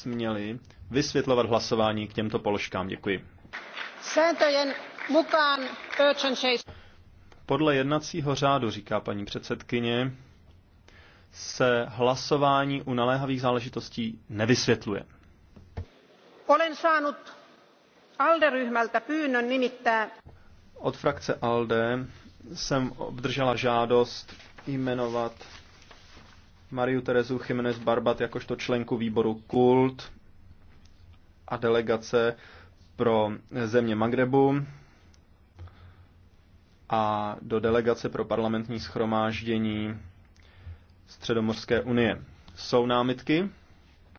směli vysvětlovat hlasování k těmto položkám. Děkuji. Podle jednacího řádu, říká paní předsedkyně, se hlasování u naléhavých záležitostí nevysvětluje. Olen saanut ALDE-ryhmältä pyynnön nimittää... Od frakce ALDE jsem obdržela žádost jmenovat Mariu Terezu Jiménez Barbat jakožto členku výboru Kult a delegace pro země Magrebu a do delegace pro parlamentní schromáždění Středomorské unie. Jsou námitky?